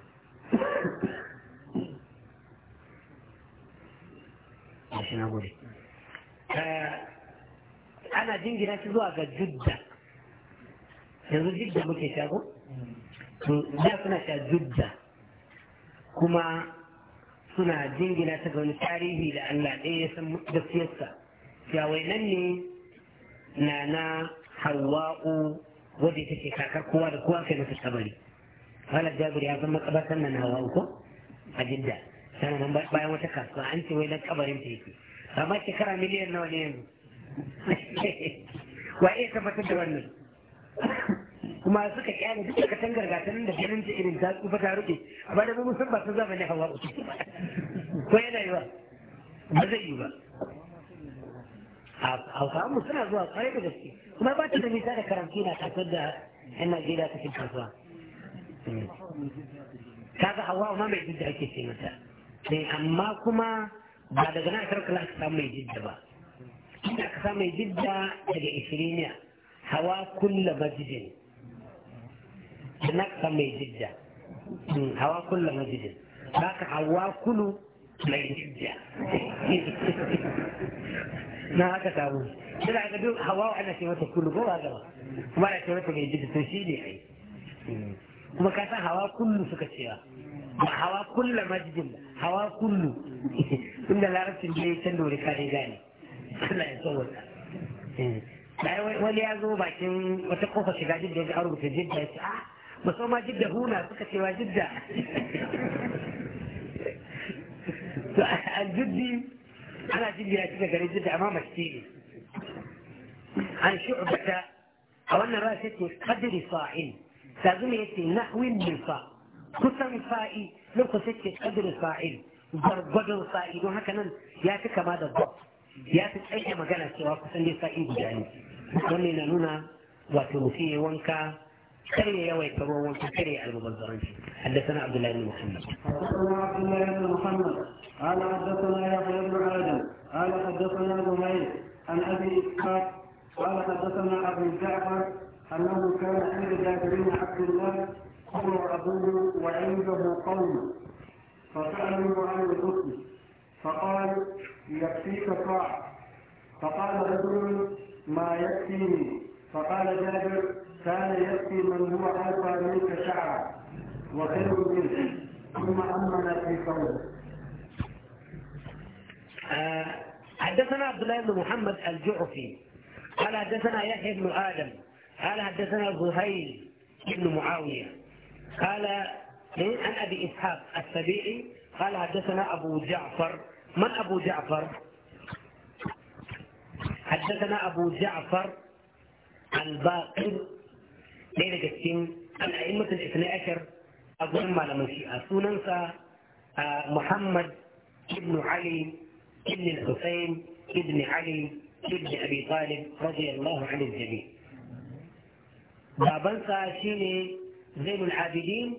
عشان اقول إيه. آه، انا دينجي ناس زواج جدة يعني جدة ممكن تقول لا كما suna jingina ta gani wani tarihi da Allah ɗaya ya san gaskiyarsa wai nan ne na na hawa'u wadda take kakar kowa da kowa kai masa kabari halar jabir ya zama kabatar nan hawa'u ko a jidda sannan bayan wata kasuwa an ce wai nan kabarin ta yake amma shekara miliyan nawa ne yanzu (laughs) wa iya tabbatar da wannan kuma suka kyale duk da gargatan da ganin ta irin ta tsufa ta rufe a bada mun san ba ta ne hawa uku ko yana yi ba ba zai yi ba hausawanmu suna zuwa kwarai da gaske kuma ba ta da nisa da karanci na kasuwar da yan najeriya ta cikin kasuwa ga hawa ma mai jidda ake ce mata eh, amma kuma ba daga nan karkar ka samu mai jidda ba ina ka samu mai jidda daga ishiriniya hawa kulla majidin hana ka mai jidda hawa kulla majidin za ka hawa kulu mai jidda na haka samu suna ga duk hawa wa ana ce mata kulu ko ba gaba kuma ana ce wata mai jidda to shi ne ai kuma ka san hawa kullu suka ce ba hawa kulla majidin hawa kullu inda larabcin da ya canza wuri kare gane suna ya tsawon ta wani ya zo bakin wata kofa shiga jidda ya ji an rubuta jidda ya ce ah بس ما جدة jidda huna suka cewa jidda الجدي أنا جدي أشبه قريب جدي أمام الشيء عن شعبة أو أن رأسك قدري صاحي تظن أنت نحو من كنت من صاحي لو كسك قدر صاعين ضربضر يا وهكذا ياتي هذا الضبط ياتي أي مجال سواء كسن صاحي بجاني وننا نونا وتمثيه وانكا لو يويت تكري على المبذرين حدثنا عبد الله بن محمد حدثنا عبد الله بن محمد قال حدثنا يحيى بن ادم قال حدثنا زهير عن ابي اسحاق قال حدثنا ابو جعفر انه كان عند جابرين عبد الله هو ابوه وعنده قوم فسالوه عن الغسل فقال يكفيك صاع فقال رجل ما يكفيني فقال جابر كان يكفي من هو اوفى منك شعرا وخير منك ثم امن في قوله آه، حدثنا عبد الله بن محمد الجعفي قال حدثنا يحيى بن ادم قال حدثنا زهير بن معاويه قال إيه؟ عن ابي اسحاق السبيعي قال حدثنا ابو جعفر من ابو جعفر؟ حدثنا أبو جعفر الباقر ɗaya daga cikin al'aimmatul isna ashar a gurin malaman shi'a sunansa muhammad ibn ali ibn al ibn ali ibn abi talib radiyallahu anhu jami babansa shine zainul abidin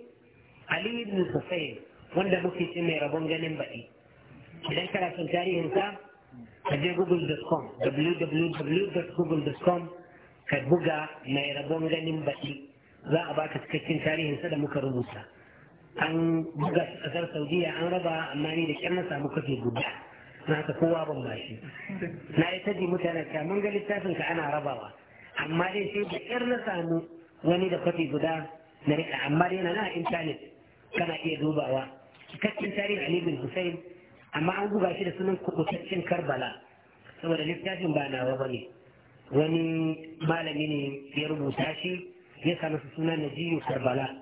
ali ibn husayn wanda muke ce mai rabon ganin baɗi idan kana son tarihinsa ka je google.com www.google.com ka buga mai rabon ganin baki za a baka cikakken tarihin sa da muka rubuta an buga shi kasar saudiya an raba amma ni da kyan na samu kafe guda na haka kowa ban bashi na yi taji mutane ta mun ga littafin ka ana rabawa amma dai sai da kyar na samu wani da kwafi guda na rika amma dai na intanet kana iya dubawa cikakken tarihin ali bin hussein amma an buga shi da sunan kubutaccen karbala saboda littafin ba nawa ba ne وني مال مني في ربو ساشي يسأل سسونا نجي كربلاء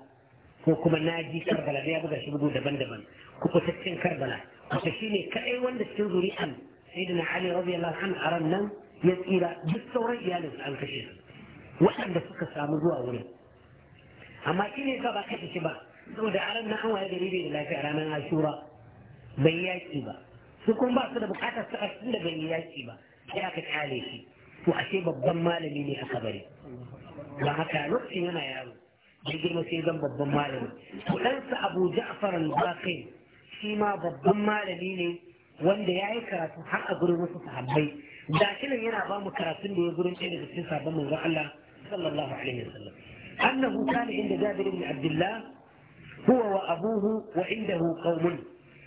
وكما ناجي كربلاء يا بدر شبدو دبن دبن كوكو تكين كربلاء وتشيني كأي وند تنظري أن سيدنا علي رضي الله عنه أرنا يسئل بالثورة يا لس عن كشير وأنا بفك سامزوا أولي أما كيني كابا كشي شبا سودا أرنا هو هذا ربي لا في أرنا عشورة بياي شبا سكون بعض سودا بقاطع سأسل بياي شبا يا كت عليه to ashe babban malami ne a kabari ba haka lokacin yana yaro bai girma sai zan babban malami to ɗansa abu ja'far al-baqir shi ma babban malami ne wanda ya yi karatu har a gurin wasu sahabbai da kinan yana ba mu karatun da ya gurin ɗaya daga cikin sabon manzon Allah sallallahu alaihi wasallam annahu kana inda Jabir ibn Abdullah huwa wa abuhu wa indahu qaumun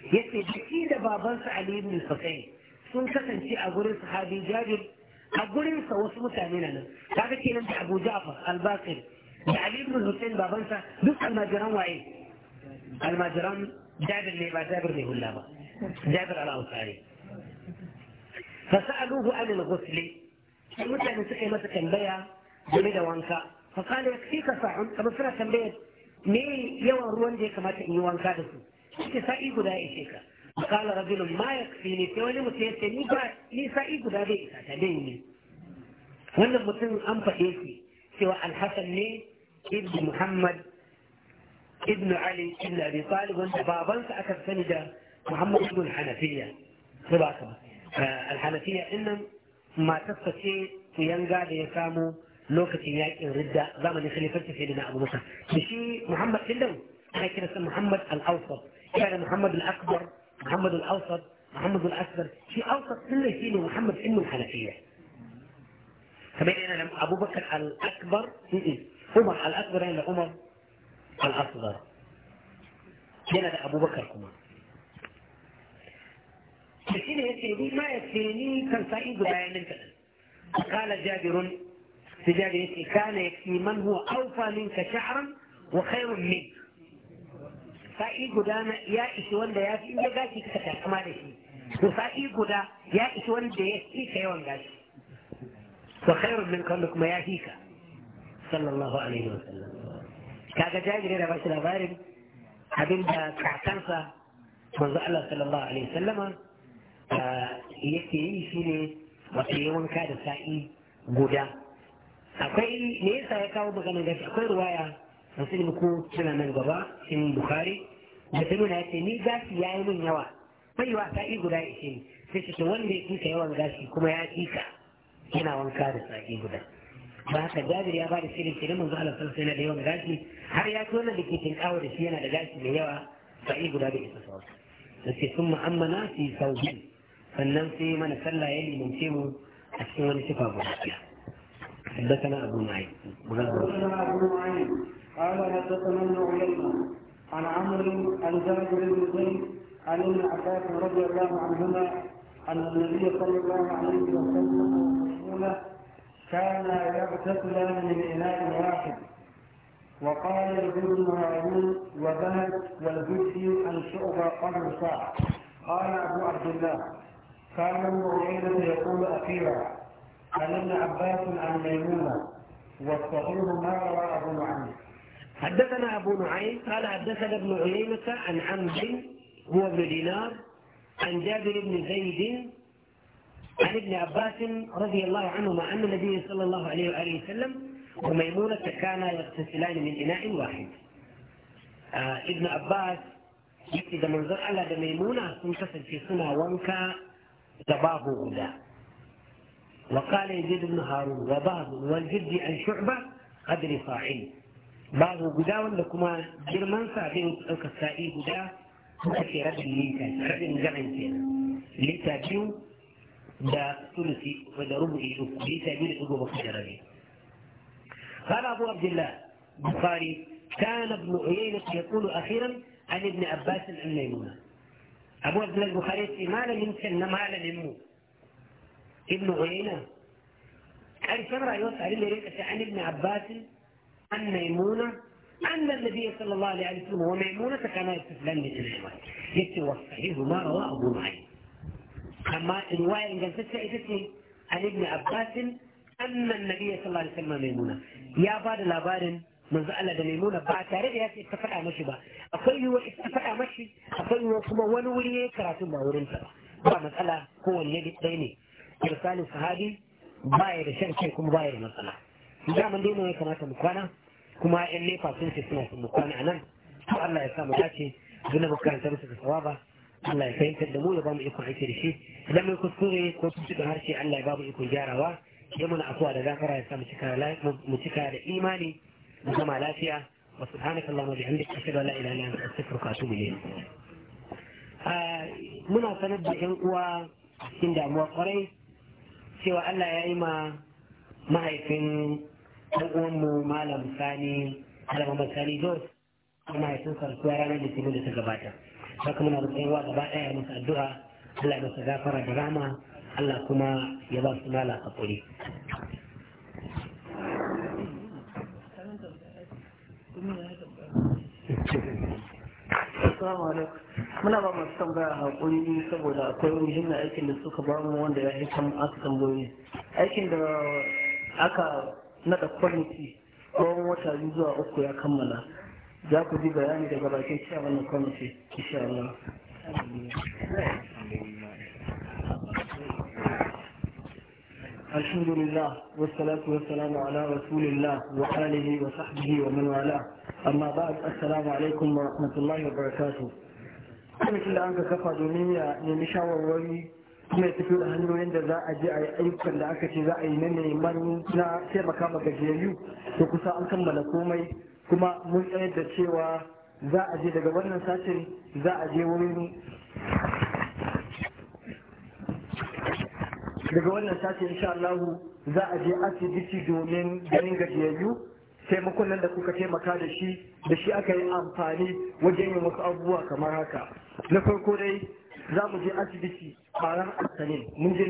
yace da da babansa Ali ibn Husayn sun kasance a gurin sahabi Jabir a gurinsa wasu mutane na nan kaga kenan da Abu Ja'far al-Baqir da Ali ibn Hussein babansa duk almajiran waye almajiran Jabir ne ba Jabir ne hulla ba Jabir al-Ansari sa'aluhu an al-ghusl sai mutane suka yi masa tambaya game da wanka fa kana yakfika sa'un kamar suna tambayar me yawan ruwan da ya kamata in yi wanka da su sai sa'i guda ya ishe ka قال رجل ما يكفيني في وين متيتي نيسا نيسا إيكو دابي تديني وين متن أمبا إيكي سواء الحسن لي ابن محمد ابن علي ابن أبي طالب وانت بابا سأكد سنجا محمد ابن الحنفية سباكا الحنفية إن ما تستطيع تيانجا ليسامو لوكتي ياك الردة زمن في سيدنا أبو موسى بشي محمد سلم لكن اسم محمد الأوسط كان محمد الأكبر محمد الأوسط محمد الأكبر في أوسط كل شيء محمد إنه الحنفية كمان أنا لما أبو بكر الأكبر عمر الأكبر يعني عمر الأصغر هنا أبو بكر عمر لكن يسيري ما يكفيني كان سعيد بيان قال جابر جابر كان يكفي من هو أوفى منك شعرا وخير منك sa'i guda ya ishi wanda ya fi inda gashi kika takama da shi to sa'i guda ya ishi wanda ya fi ka yawan gashi wa khairun min kallu kuma ya fi ka sallallahu alaihi wa sallam kaga jajire da bashi labarin abinda kakansa manzo Allah sallallahu alaihi wa sallama ah, yake yi shine wato yi wanka da sa'i guda akwai me yasa ya kawo maganar da akwai ruwaya wasu muku suna nan gaba in bukari da ta nuna yace ni gashi ya yi min yawa bai wa sa'i guda ishe ni sai ce wanda ya kika yawan gashi kuma ya kika yana wanka da sa'i guda ba haka jabir ya ba da shirin kenan manzo Allah sallallahu alaihi da yawan gashi har ya tona da ke tinkawo da shi yana da gashi mai yawa yi guda da isa sawa sai sun mu'ammana fi saubi sannan sai mana sallah ya limance mu a cikin wani sifa guda حدثنا أبو نعيم قال حدثنا ابن عيينة عن عمرو عن جابر بن زيد عن ابن عباس رضي الله عنهما أن النبي صلى الله عليه وسلم ورسوله كان يغتسل من إناء واحد وقال ابن هارون وذهب والبشي عن شعبة قبل ساعة قال أبو عبد الله كان ابن عيينة يقول أخيرا عن ابن عباس عن ميمونة والصحيح ما رواه عنه حدثنا أبو نعيم قال حدثنا ابن عيينة عن حمد هو ابن دينار عن جابر بن زيد عن ابن عباس رضي الله عنهما أن النبي صلى الله عليه وآله وسلم وميمونة كانا يغتسلان من إناء واحد آه ابن عباس يكتب من منظر على ميمونة تنتصر في سنة وانكا دباه غدا وقال يزيد بن هارون وبعض والجد عن شعبة قدر صاحبه babu guda wanda kuma girman sa bin ɗaukar sa'i guda suka ce rabin lita rabin garan ke lita biyu da sulusi da rubu'i uku lita biyu da قال أبو عبد الله البخاري كان ابن عيينة يقول أخيرا عن ابن عباس عن ميمونة أبو عبد الله البخاري ما لم يمكن ما لم ابن عيينة قال كم رأيوس عليه عن ابن عباس عن ميمونة أن النبي صلى الله عليه وسلم وميمونة كان يتفلن للإيمان يتوى الصحيح ما رواه أبو معين. أما الرواية اللي قلت أجتني عن ابن عباس أن النبي صلى الله عليه وسلم ميمونة يا بعد لا بعد من زعل ميمونة بعد تعرف يا سيد اتفقع مشي بقى أخي هو اتفقع مشي أقول له كما ونولي كراتو ما ورمت بقى مسألة هو اللي بيتبيني إرسال الصحابي باير شركة كم باير مسألة daman dai ya kamata mu kwana kuma yan nefa sun ce suna sun mu kwana a nan to Allah ya samu dace zuna mu karanta musu da sawaba Allah ya fahimtar da mu ya bamu ikon aiki da shi idan mun kuskure ko su da harshe Allah ya bamu ikon gyarawa ya muna afuwa da gafara ya sa mu cika da imani mu zama lafiya wa subhanaka allahumma bihamdika ashhadu an la ilaha illa anta astaghfiruka wa atubu ilayk muna sanar da yan uwa cikin damuwa kwarai cewa Allah ya yi ma mahaifin ɗan uwanmu malam sani malam sani jos kuma ya tukar suwa ranar litinin da ta gabata haka muna da tsayawa gaba ɗaya musu addu'a Allah masa gafara da rama Allah kuma ya ba su mala hakuri Assalamu alaikum. Muna ba masu tambaya haƙuri saboda akwai muhimmin aikin da suka ba mu wanda ya hikam aka tambayoyi. Aikin da aka na kwamiti tsawon wata biyu zuwa uku ya kammala za ku ji bayani daga bakin cewa na kwamiti insha Allah. الحمد لله والصلاة والسلام على رسول الله وآله وصحبه ومن والاه أما بعد السلام عليكم ورحمة الله وبركاته. كل كلا أنك كفى دنيا نمشى ووري ya fito da hanyoyin da za a je a yi ayyukan da aka ce za a yi na neman na taimaka ma gajiyayyu to kusa an kammala komai kuma mun tsayar da cewa za a je daga wannan satin za a je wurin daga wannan insha Allah za a je asibiti domin ganin gajiyayyu taimakon nan da kuka taimaka da shi da shi aka yi amfani wajen yin wasu abubuwa kamar haka na farko dai za mu je asibiti ran asalin mun je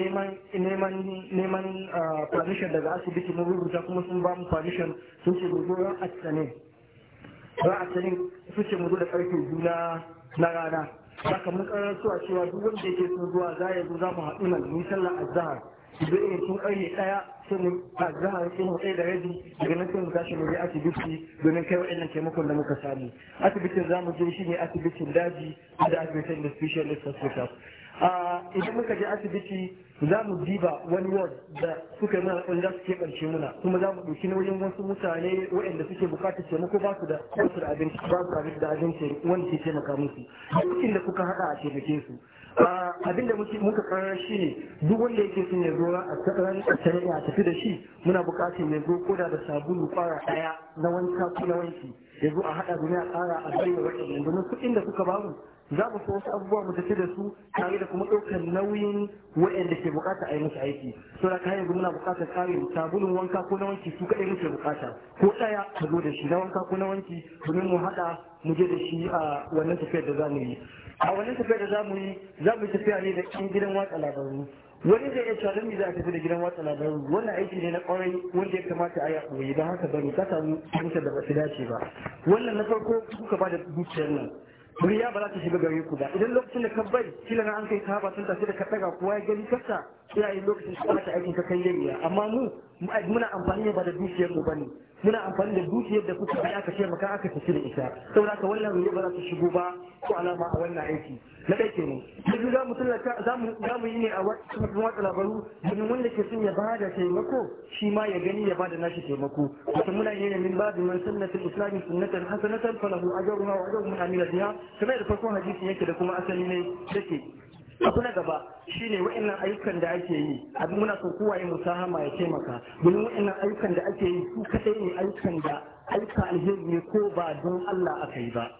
neman ah, permission daga asibiti mun rubuta kuma sun ba mu permission sun ce mu zo ran asalin ran asalin sun ce mu zo da karfe juna na rana saka mun karar a cewa duk wanda yake sun zuwa za ya zo za mu haɗu nan sallah sallar azhar da irin sun ƙarye ɗaya sai a zahar sai mu tsaye da rabi daga nan sai mu tashi mu je asibiti domin kai waɗannan taimakon da muka samu asibitin za mu je shi ne asibitin daji da asibitin da specialist hospital idan muka je asibiti za mu diba wani ward da suka mana za su keɓance muna kuma za mu ɗauki nauyin wasu mutane waɗanda suke buƙatar taimako ba su da abinci da abinci da abinci wanda ke taimaka musu duk da kuka haɗa a taimake su abinda muka karar shi ne duk wanda yake son ya zo a tsakarar a a tafi da shi muna bukatar ya zo koda da sabulu fara daya na wanka ko na wanki ya zo a hada domin a tsara a bayyana wadannan domin kuɗin da kuka bamu za mu so wasu abubuwa mu tafi da su tare da kuma ɗaukar nauyin waɗanda ke bukata a yi musu aiki so da kayan muna bukatar ƙarin sabulun wanka ko na wanki su kaɗai muke bukata ko ɗaya ka zo da shi na wanka ko na wanki domin mu haɗa mu je da shi a wannan tafiyar da za mu yi a wannan tafiyar da za mu yi za mu yi tafiya ne da cikin gidan watsa labaru wani zai iya shawarar mu za a tafi da gidan watsa labaru wannan aiki ne na kwarai wanda ya kamata a yi koyi don haka bari ka samu da ba su dace ba wannan na farko kuka ba da dukiyar nan riya ba za ta shiga gare ku ba idan lokacin da ka bai kila na an kai sahaba sun tafi da ka daga kowa ya gani kasa ina lokacin lokacin ka ɓata aikin ka kan yariya amma mu muna amfani ba da dukiyar mu ba ne. muna amfani da dukiyar da kuka kai aka taimaka aka tafi da ita saboda wannan ruwa ba za su shigo ba ko alama a wannan aiki na ɗaya kenan yanzu za mu tallata za mu yi ne a cikin watsa labaru domin wanda ke son ya ba da taimako shi ma ya gani ya ba da nashi taimako wato muna yi ne min babu man sunnatul islami sunnatan hasanatan falahu ajruha wa ajru man amila biha kamar da farkon hadisi yake da kuma asali ne yake abu na gaba shine wa'annan ayyukan da ake yi abin muna son kowa ya musahama ya taimaka domin wa'annan ayyukan da ake yi su kadai ne ayyukan da ayyuka alheri ne ko ba don Allah aka yi ba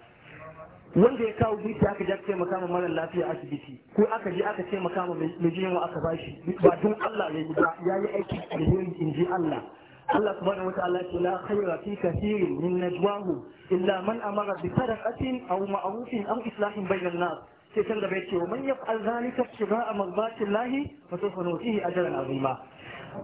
wanda ya kawo dukiya aka je aka taimaka ma mara lafiya asibiti ko aka je aka taimaka ma mai wa aka bashi ba don Allah ne yi ba ya yi alheri in ji Allah Allah subhanahu wataala ce la khayra fi kathirin min najwahu illa man amara bi sadaqatin aw ma'rufin aw islahin bainan nas sai can gaba yace wa man yaf'al zalika ibtigaa marzatillahi fa sawfa a ajran azima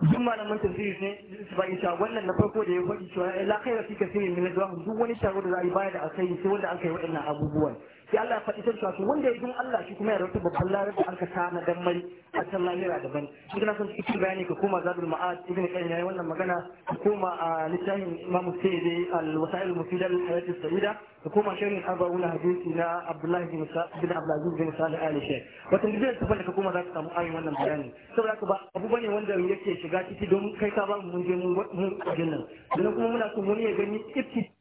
duk malaman tafsiri ne ba ita wannan na farko da ya faɗi cewa eh, la khaira fi kathirin min adwa duk wani taro da za a yi baya da akai sai wanda an kai waɗannan abubuwan sai Allah ya faɗi cewa su wanda ya dun Allah shi kuma ya rauta babban larar da aka tana dan mai a can lahira daban shi na son cikin bayani ka koma zabul ma'ad ibn qayyim yayi wannan magana ka koma a littafin imam sayyidi al-wasa'il mufida lil hayat as-sayyida ka koma sharhin arba'una hadisi na abdullahi bin bin abdulaziz bin salih ali shaykh wata bidiyar ta ka koma za ka samu ayin wannan bayani saboda ka ba abu bane wanda yake shiga ciki don kai ka ba mu mun je mun a jinnan kuma muna son wani ya gani ifti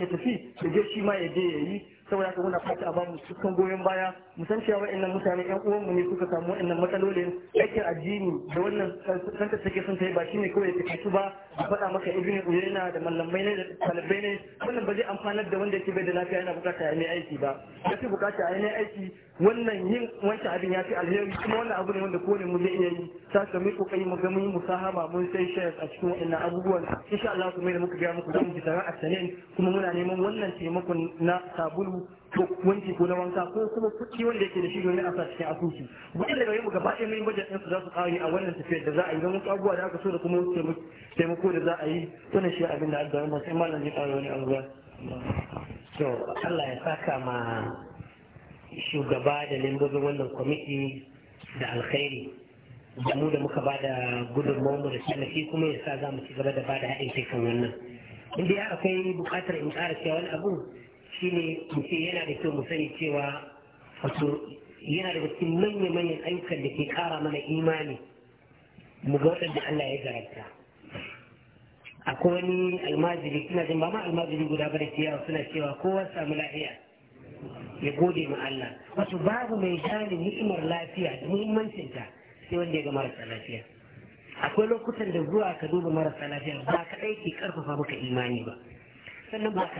ya tafi da je shi ma ya je ya yi saboda haka muna fata a bamu cikin goyon baya mu san cewa wa'annan mutane yan uwan mu ne suka samu wa'annan matsalolin aikin addini da wannan kanta take sun kai ba shine kawai take su ba a faɗa maka ibnu uyayna da mallamai ne da talibai ne wannan ba zai amfanar da wanda yake bai da lafiya yana bukata ya aiki ba yafi bukata ya aiki wannan yin wancan abin ya fi alheri kuma wannan abu ne wanda kowane mu zai iya yi ta ka mai kokari mu ga mun yi musahaba mun sai shares a cikin wannan abubuwan insha Allah kuma da muka ga muku zamu ji tsara a sanin kuma muna neman wannan taimakon na sabulu ko wanki ko na wanka ko kuma kuɗi wanda yake da shi domin a sa cikin asusu wani daga yau gaba ɗaya mai bajet su za su ƙare a wannan tafiyar da za a yi don wasu abubuwa da aka so da kuma wasu taimako da za a yi wannan shi abin da aka zama sai malam zai ƙara wani abu ba. to Allah ya saka ma shugaba da membobin wannan kwamiti da alkhairi da mu da muka ba da mu da tallafi kuma ya sa za mu ci gaba da ba da haɗin kai kan wannan inda ya akwai buƙatar in ƙara cewa wani abu ne mu ce yana da kyau mu sani cewa wato yana da cikin manya-manyan ayyukan da ke ƙara mana imani mu ga waɗanda Allah ya garanta akwai wani almajiri suna jin ba ma almajiri guda ba da suna cewa kowa samu lafiya ya gode ma Allah wato babu mai gane ni'imar lafiya da muhimmancinta sai wanda ya ga marasa lafiya akwai lokutan da zuwa ka duba marasa lafiya ba kaɗai ke karfafa maka imani ba sannan ba